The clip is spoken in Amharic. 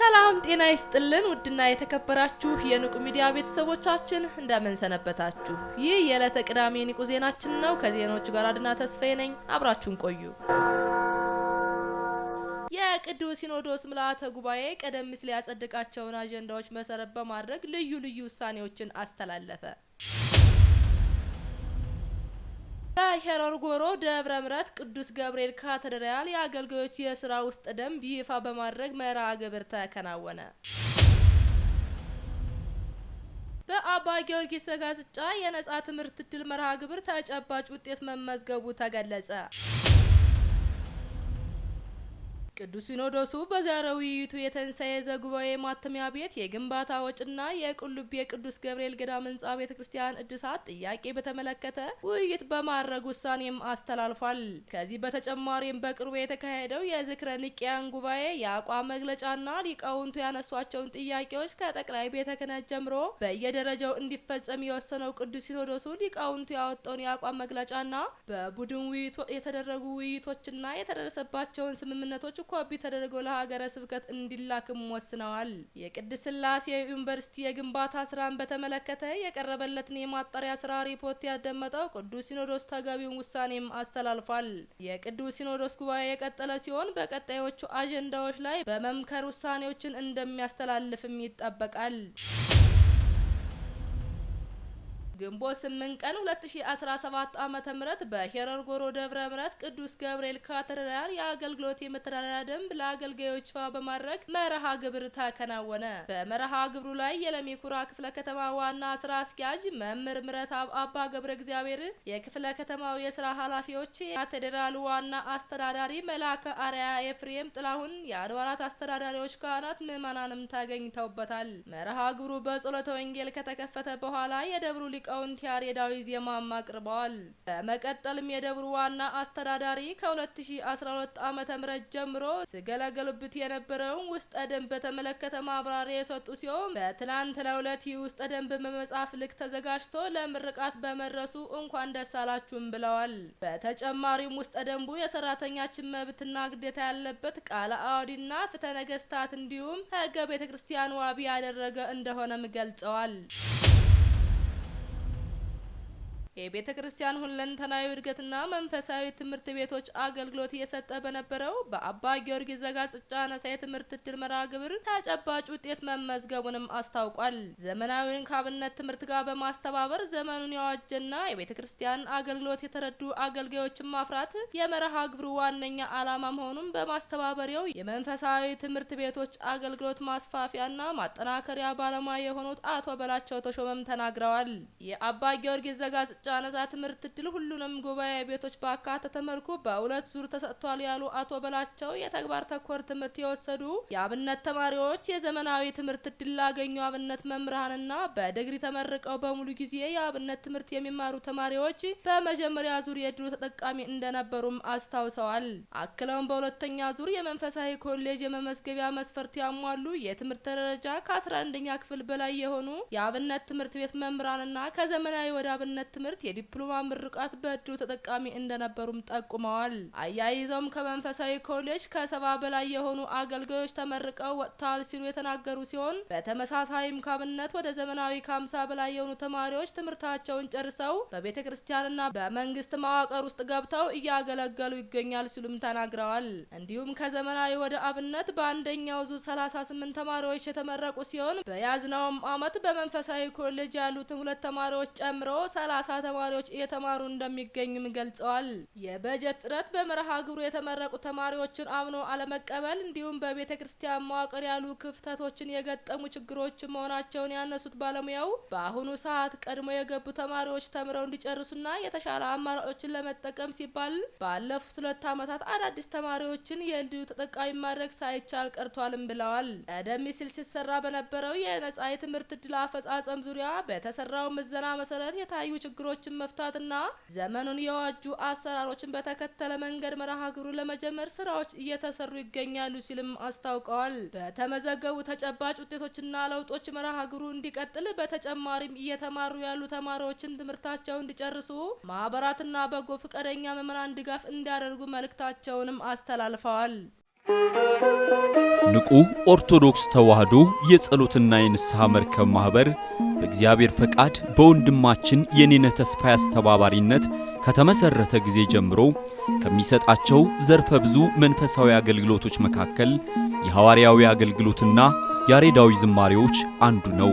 ሰላም ጤና ይስጥልን። ውድና የተከበራችሁ የንቁ ሚዲያ ቤተሰቦቻችን እንደምን ሰነበታችሁ? ይህ የዕለተ ቅዳሜ ንቁ ዜናችን ነው። ከዜናዎቹ ጋር አድና ተስፋዬ ነኝ። አብራችሁን ቆዩ። የቅዱስ ሲኖዶስ ምልአተ ጉባኤ ቀደም ሲል ያጸደቃቸውን አጀንዳዎች መሰረት በማድረግ ልዩ ልዩ ውሳኔዎችን አስተላለፈ። በሄረር ጎሮ ደብረ ምረት ቅዱስ ገብርኤል ካቴድራል የአገልጋዮች የስራ ውስጥ ደንብ ይፋ በማድረግ መርሃ ግብር ተከናወነ። በአባ ጊዮርጊስ ዘጋስጫ የነጻ ትምህርት እድል መርሃ ግብር ተጨባጭ ውጤት መመዝገቡ ተገለጸ። ቅዱስ ሲኖዶሱ በዛሬው ውይይቱ የተንሳኤ ዘጉባኤ ማተሚያ ቤት የግንባታ ወጭና የቁልቢ የቅዱስ ገብርኤል ገዳም ህንጻ ቤተ ክርስቲያን እድሳት ጥያቄ በተመለከተ ውይይት በማድረግ ውሳኔም አስተላልፏል። ከዚህ በተጨማሪም በቅርቡ የተካሄደው የዝክረ ንቅያን ጉባኤ የአቋም መግለጫና ሊቃውንቱ ያነሷቸውን ጥያቄዎች ከጠቅላይ ቤተ ክህነት ጀምሮ በየደረጃው እንዲፈጸም የወሰነው ቅዱስ ሲኖዶሱ ሊቃውንቱ ያወጣውን የአቋም መግለጫና በቡድን ውይይቶ የተደረጉ ውይይቶችና የተደረሰባቸውን ስምምነቶች ኮፒ ተደርገው ለሀገረ ስብከት እንዲላክም ወስነዋል። የቅድስት ሥላሴ ዩኒቨርሲቲ የግንባታ ስራን በተመለከተ የቀረበለትን የማጣሪያ ስራ ሪፖርት ያደመጠው ቅዱስ ሲኖዶስ ተገቢውን ውሳኔም አስተላልፏል። የቅዱስ ሲኖዶስ ጉባኤ የቀጠለ ሲሆን በቀጣዮቹ አጀንዳዎች ላይ በመምከር ውሳኔዎችን እንደሚያስተላልፍም ይጠበቃል። ግንቦት 8 ቀን 2017 ዓመተ ምህረት በሄረር ጎሮ ደብረ ምረት ቅዱስ ገብርኤል ካቴድራል የአገልግሎት የመተዳደሪያ ደንብ ለአገልጋዮች ይፋ በማድረግ መርሃ ግብር ተከናወነ። በመርሃ ግብሩ ላይ የለሚኩራ ክፍለ ከተማ ዋና ስራ አስኪያጅ መምህር ምረት አባ ገብረ እግዚአብሔር፣ የክፍለ ከተማው የስራ ኃላፊዎች፣ የካቴድራሉ ዋና አስተዳዳሪ መላከ አርያ ኤፍሬም ጥላሁን፣ የአድባራት አስተዳዳሪዎች፣ ካህናት፣ ምእመናንም ተገኝተውበታል። መርሃ ግብሩ በጸሎተ ወንጌል ከተከፈተ በኋላ የደብሩ ሊቃውንት ያሬዳዊ ዜማም አቅርበዋል። በመቀጠልም የደብሩ ዋና አስተዳዳሪ ከ2012 ዓ ም ጀምሮ ሲገለገሉበት የነበረውን ውስጠ ደንብ በተመለከተ ማብራሪያ የሰጡ ሲሆን በትናንትናው ዕለት ይህ ውስጠ ደንብ በመጽሐፍ ልክ ተዘጋጅቶ ለምርቃት በመድረሱ እንኳን ደስ አላችሁም ብለዋል። በተጨማሪም ውስጠ ደንቡ የሰራተኛችን መብትና ግዴታ ያለበት ቃለ አዋዲና ፍትሐ ነገስታት እንዲሁም ህገ ቤተ ክርስቲያን ዋቢ ያደረገ እንደሆነም ገልጸዋል። የቤተ ክርስቲያን ሁለንተናዊ እድገትና መንፈሳዊ ትምህርት ቤቶች አገልግሎት እየሰጠ በነበረው በአባ ጊዮርጊስ ዘጋስጫ ነሳ የትምህርት እድል መርሃ ግብር ተጨባጭ ውጤት መመዝገቡንም አስታውቋል። ዘመናዊን ካብነት ትምህርት ጋር በማስተባበር ዘመኑን ያዋጀና የቤተ ክርስቲያን አገልግሎት የተረዱ አገልጋዮችን ማፍራት የመርሃ ግብሩ ዋነኛ ዓላማ መሆኑን በማስተባበሪያው የመንፈሳዊ ትምህርት ቤቶች አገልግሎት ማስፋፊያና ማጠናከሪያ ባለሙያ የሆኑት አቶ በላቸው ተሾመም ተናግረዋል። የአባ ጊዮርጊስ ዘጋ ጃነዛ ትምህርት እድል ሁሉንም ጉባኤ ቤቶች ባካተተ መልኩ በሁለት ዙር ተሰጥቷል ያሉ አቶ በላቸው የተግባር ተኮር ትምህርት የወሰዱ የአብነት ተማሪዎች የዘመናዊ ትምህርት እድል ላገኙ አብነት መምህራንና በድግሪ ተመርቀው በሙሉ ጊዜ የአብነት ትምህርት የሚማሩ ተማሪዎች በመጀመሪያ ዙር የድሉ ተጠቃሚ እንደነበሩም አስታውሰዋል። አክለውም በሁለተኛ ዙር የመንፈሳዊ ኮሌጅ የመመዝገቢያ መስፈርት ያሟሉ የትምህርት ደረጃ ከ11ኛ ክፍል በላይ የሆኑ የአብነት ትምህርት ቤት መምህራንና ከዘመናዊ ወደ አብነት ትምህርት ትምህርት የዲፕሎማ ምርቃት በእድሉ ተጠቃሚ እንደነበሩም ጠቁመዋል። አያይዘውም ከመንፈሳዊ ኮሌጅ ከሰባ በላይ የሆኑ አገልጋዮች ተመርቀው ወጥተዋል ሲሉ የተናገሩ ሲሆን በተመሳሳይም ካብነት ወደ ዘመናዊ ከሀምሳ በላይ የሆኑ ተማሪዎች ትምህርታቸውን ጨርሰው በቤተ ክርስቲያንና በመንግስት መዋቅር ውስጥ ገብተው እያገለገሉ ይገኛል ሲሉም ተናግረዋል። እንዲሁም ከዘመናዊ ወደ አብነት በአንደኛው ዙር 38 ተማሪዎች የተመረቁ ሲሆን በያዝነውም አመት በመንፈሳዊ ኮሌጅ ያሉትን ሁለት ተማሪዎች ጨምሮ 30 ተማሪዎች እየተማሩ እንደሚገኙም ገልጸዋል። የበጀት እጥረት በመርሃ ግብሩ የተመረቁ ተማሪዎችን አምኖ አለመቀበል እንዲሁም በቤተ ክርስቲያን መዋቅር ያሉ ክፍተቶችን የገጠሙ ችግሮች መሆናቸውን ያነሱት ባለሙያው በአሁኑ ሰዓት ቀድሞ የገቡ ተማሪዎች ተምረው እንዲጨርሱና የተሻለ አማራጮችን ለመጠቀም ሲባል ባለፉት ሁለት ዓመታት አዳዲስ ተማሪዎችን የእድሉ ተጠቃሚ ማድረግ ሳይቻል ቀርቷልም ብለዋል። ቀደም ሲል ሲሰራ በነበረው የነጻ የትምህርት እድል አፈጻጸም ዙሪያ በተሰራው ምዘና መሰረት የታዩ ችግሮች ችግሮችን መፍታትና ዘመኑን የዋጁ አሰራሮችን በተከተለ መንገድ መርሃ ግብሩ ለመጀመር ስራዎች እየተሰሩ ይገኛሉ ሲልም አስታውቀዋል። በተመዘገቡ ተጨባጭ ውጤቶችና ለውጦች መርሃ ግብሩ እንዲቀጥል በተጨማሪም እየተማሩ ያሉ ተማሪዎችን ትምህርታቸው እንዲጨርሱ ማህበራትና በጎ ፍቀደኛ መምህራን ድጋፍ እንዲያደርጉ መልእክታቸውንም አስተላልፈዋል። ንቁ ኦርቶዶክስ ተዋህዶ የጸሎትና የንስሐ መርከብ ማኅበር በእግዚአብሔር ፈቃድ በወንድማችን የኔነ ተስፋዬ አስተባባሪነት ከተመሠረተ ጊዜ ጀምሮ ከሚሰጣቸው ዘርፈ ብዙ መንፈሳዊ አገልግሎቶች መካከል የሐዋርያዊ አገልግሎትና ያሬዳዊ ዝማሬዎች አንዱ ነው።